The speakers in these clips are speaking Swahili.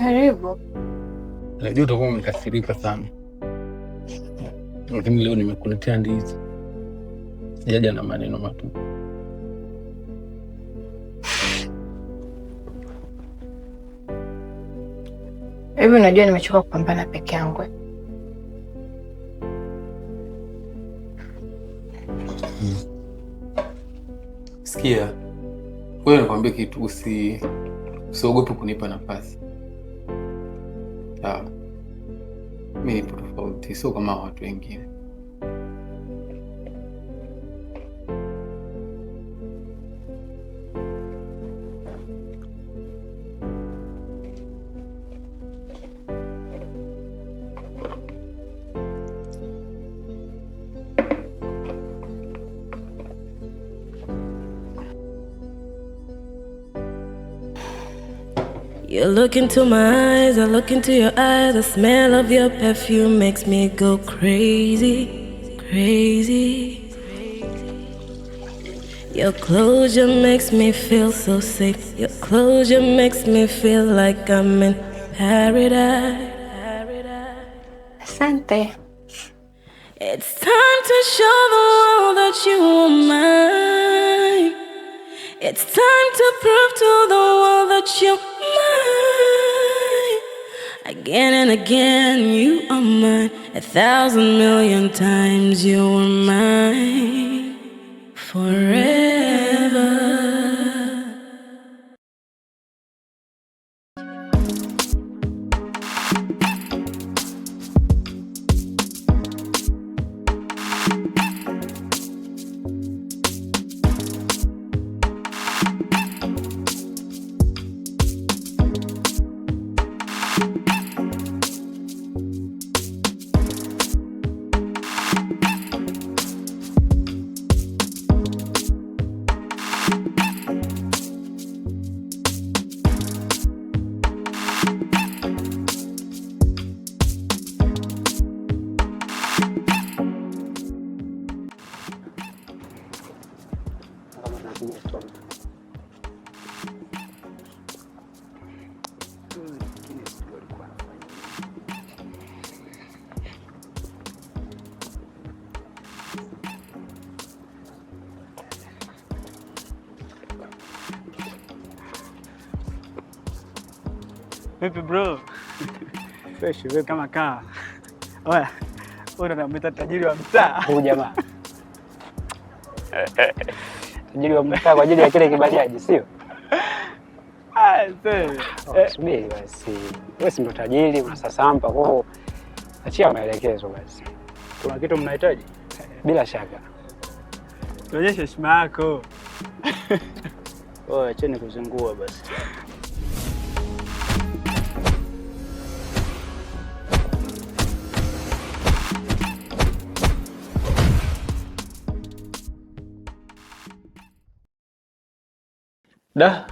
Karibu. Najua utakuwa umekasirika sana, lakini leo nimekuletea ndizi. Sijaja na maneno matupu. Hivi unajua nimechoka kupambana peke yangu. Sikia, wewe nakwambia kitu, usiogope kunipa nafasi mimi por favor te hizo como a tu enquina You look into my eyes, I look into your eyes. The smell of your perfume makes me go crazy, crazy. Your closure makes me feel so safe. Your closure makes me feel like I'm in paradise. Asante. It's time to show the world that you are mine. It's time to prove to the world that you Again and again, you are mine. A thousand million times, you are mine. Forever. Vipi bro? Fresh vipi? Kama kaa. Oya. Wewe unamwita tajiri wa mtaa. Huyu jamaa. Tajiri wa mtaa kwa ajili ya kile kibajaji, sio? Ah, sasa. Oh, subiri basi. Wewe si ndo tajiri unasasampa kwa hiyo achia maelekezo basi. Kuna kitu mnahitaji? Bila shaka. Tuonyeshe heshima yako. Oya, acheni kuzingua basi. Da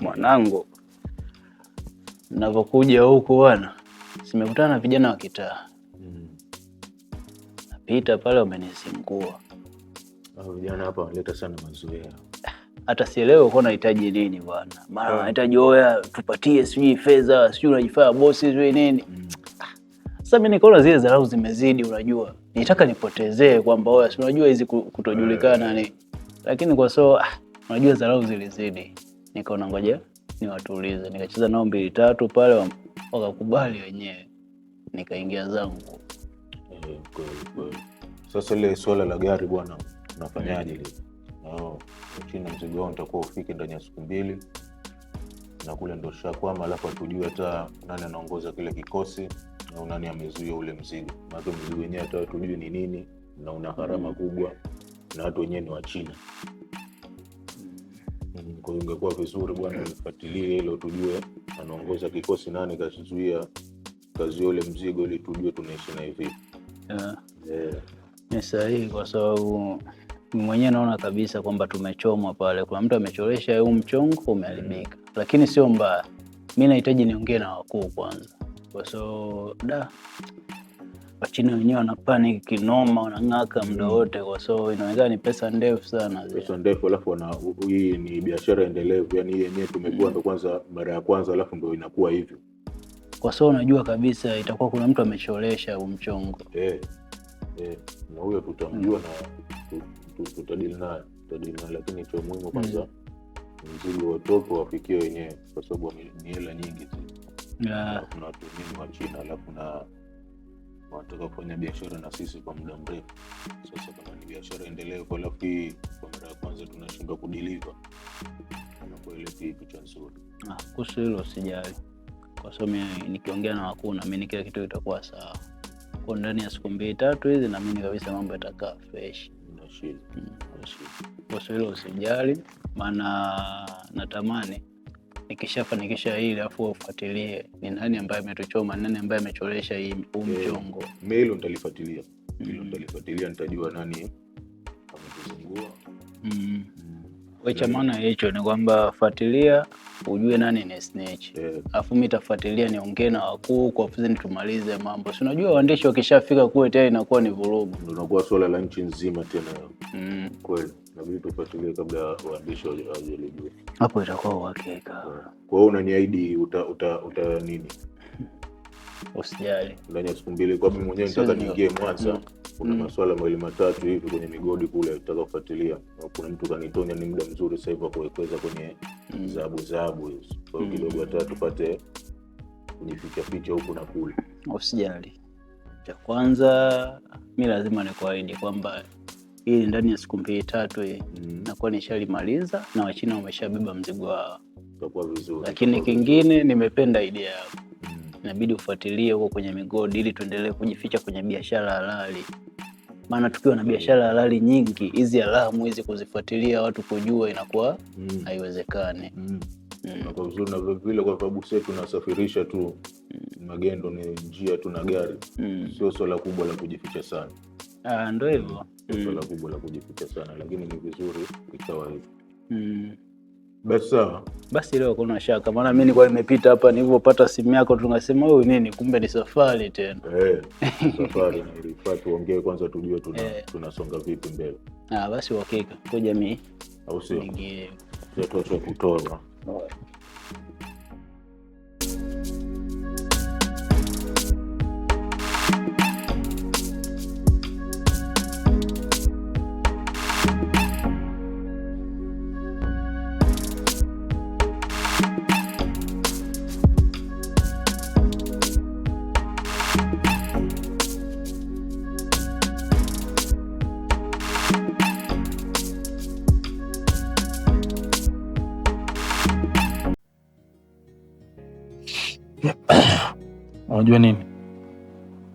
mwanangu, navyokuja huku bwana, simekutana na vijana wa kitaa mm. napita pale, wamenisimkua vijana hapa wanaleta sana mazoea, hata sielewe uko nahitaji nini bwana, mara wanahitaji ah. oya, tupatie sijui fedha, sijui unajifaa bosi, sijui nini mm. Sasa mi nikaona zile dharau zimezidi, unajua nitaka nipotezee kwamba oya, si unajua hizi kutojulikana eh. ni, lakini kwa ah, Unajua dharau zilizidi, nikaona ngoja niwatulize, nikacheza nao mbili tatu pale, wakakubali wenyewe, nikaingia zangu. Eh, Sasa ile swala la gari bwana, unafanyaje? li chini mzigo wao nitakuwa ufike ndani ya siku mbili na kule ndo shakwama, alafu hatujui hata nani anaongoza kile kikosi au nani amezuia ule mzigo, maana mzigo wenyewe hata hatujui ni nini, na una gharama mm. kubwa, na watu wenyewe ni wachina ingekuwa vizuri bwana lifuatilie mm. hilo, tujue anaongoza kikosi nani, kazuia kazi ule mzigo, ili tujue tunaishi na hivi Yeah. Yeah. Ni sahihi kwa sababu mwenyewe naona kabisa kwamba tumechomwa pale. Kuna mtu amechoresha huu mchongo umeharibika, mm. Lakini sio mbaya, mi nahitaji niongee na wakuu kwanza, kwa so da Wachina wenyewe wanapani kinoma, wanang'aka mda mm. wote, kwa so inawezekana ni pesa ndefu sana, pesa ndefu alafu hii ni biashara endelevu, yani hii yenyewe tumekua mm. ndo kwanza mara ya kwanza, alafu ndo inakuwa hivyo kwa so unajua kabisa itakuwa kuna mtu amecholesha umchongo eh, eh, na huyo tutamjua mm. na tutadili naye tutadili naye, lakini cha muhimu kwanza mzigo watoto wafikie wenyewe, kwa sababu ni hela nyingi yeah. kuna watu wa China alafu na wanatoka kufanya biashara na sisi kwa muda mrefu. Sasa kama ni biashara endelevu, alafu hii kwa mara ya kwanza tunashindwa kudiliva, anakuwa ile si picha nzuri. Ah, kuhusu hilo sijali, kwa sababu nikiongea na wakuu naamini kila kitu kitakuwa sawa kwa ndani ya siku mbili tatu hizi, naamini kabisa mambo yatakaa fresh. Mm. Kuhusu hilo usijali, maana natamani nikishafanikisha hili afu ufuatilie ni nani ambaye ametuchoma, nani ambaye amechoresha hii huu eh, mchongo. Mimi hilo nitalifuatilia, hilo mm. nitalifuatilia, nitajua nani ametuzungua. Mm. mm. Cha maana hicho ni kwamba fuatilia ujue nani ni snitch. Eh. Afu mimi tafuatilia niongee na wakuu kwa ofisini nitumalize mambo. Si unajua waandishi wakishafika kule tena inakuwa ni vurugu. inakuwa swala la nchi nzima tena. Mm. Kweli nabidi tufuatilie kabla waandishi wajalijua hapo, itakuwa uhakika. Ah. Kwa hiyo unaniahidi uta, uta, uta nini, usijali, ndani ya siku mbili, kwa mimi mwenyewe nitaka niingie Mwanza mm. kuna mm. maswala mawili matatu hivi kwenye migodi kule tutaka kufuatilia. Kuna mtu kanitonya, ni muda mzuri sasa hivi wa kuwekeza kwenye mm. zahabu hizo. Kwa hiyo kidogo hata tupate kujificha ficha huku na kule. Usijali, cha kwanza mi lazima nikuahidi kwamba ili ndani ya siku mbili tatu mm -hmm. nakuwa nishalimaliza na Wachina wameshabeba mzigo wao, lakini kingine nimependa idea yako mm-hmm. inabidi ufuatilie huko kwenye migodi ili tuendelee kujificha kwenye biashara halali, maana tukiwa na biashara halali nyingi, hizi alamu hizi kuzifuatilia watu kujua inakuwa mm-hmm. Mm-hmm. mm. haiwezekani mm. mm. kwa vizuri na vilevile, kwa sababu sie tunasafirisha tu mm. magendo ni njia tu na gari mm. sio swala kubwa la kujificha sana. Ah, Ndo hivyo mm mm. swala kubwa la kujificha sana, lakini ni vizuri ikawa hivi mm. Basi sawa, basi leo kuna shaka, maana mi nikuwa nimepita hapa nilivyopata simu yako, tunasema huyu nini, kumbe ni safari tena eh, safari tuongee kwanza, tujue tuna, eh. tunasonga vipi mbele. Ah, basi uhakika kwa jamii, au sio? Ingine kutoa unajua nini,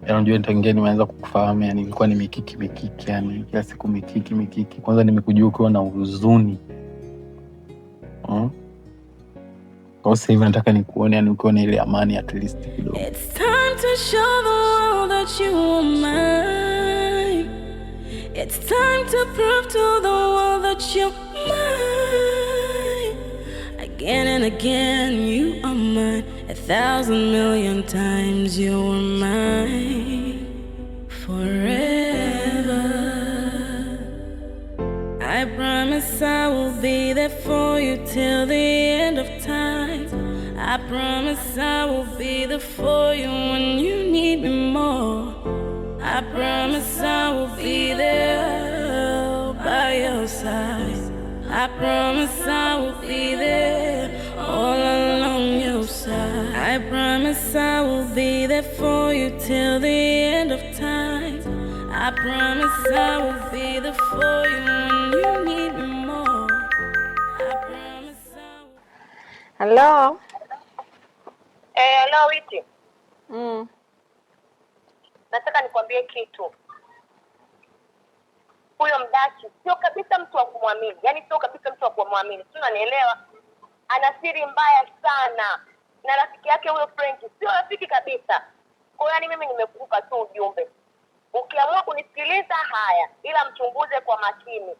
yaani unajua tangia nimeanza kukufahamu, yani ilikuwa ni mikiki mikiki, yani kila siku mikiki mikiki. Kwanza nimekujua ukiwa na huzuni hmm? Kwa sasa hivi nataka nikuone, yani ukiwa na ile amani at least kidogo. It's time to show the world that you are mine. It's time to prove to the world that you're mine. Again and again you are mine. thousand million times you were mine forever. I promise I will be there for you till the end of time. I promise I will be there for you when you need me more. I promise I will be there by your side. I promise I will be there. I promise I will be there for you till the end of time. I promise I will be there for you when you need me more. I promise I will... Hello. Hey, eh, hello Witi. Mm. Nataka nikwambie kitu. Huyo mdachi sio kabisa mtu wa kumwamini, yaani sio kabisa mtu wa kumwamini, si unanielewa? Ana siri mbaya sana na rafiki yake huyo Frank sio rafiki kabisa. Kwa hiyo yani, mimi nimekupa tu ujumbe, ukiamua kunisikiliza haya, ila mchunguze kwa makini,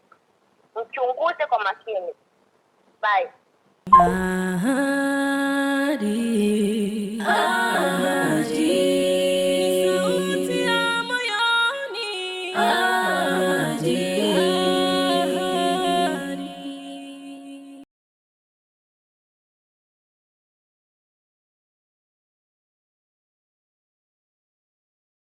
mchunguze kwa makini. Bye. Ah.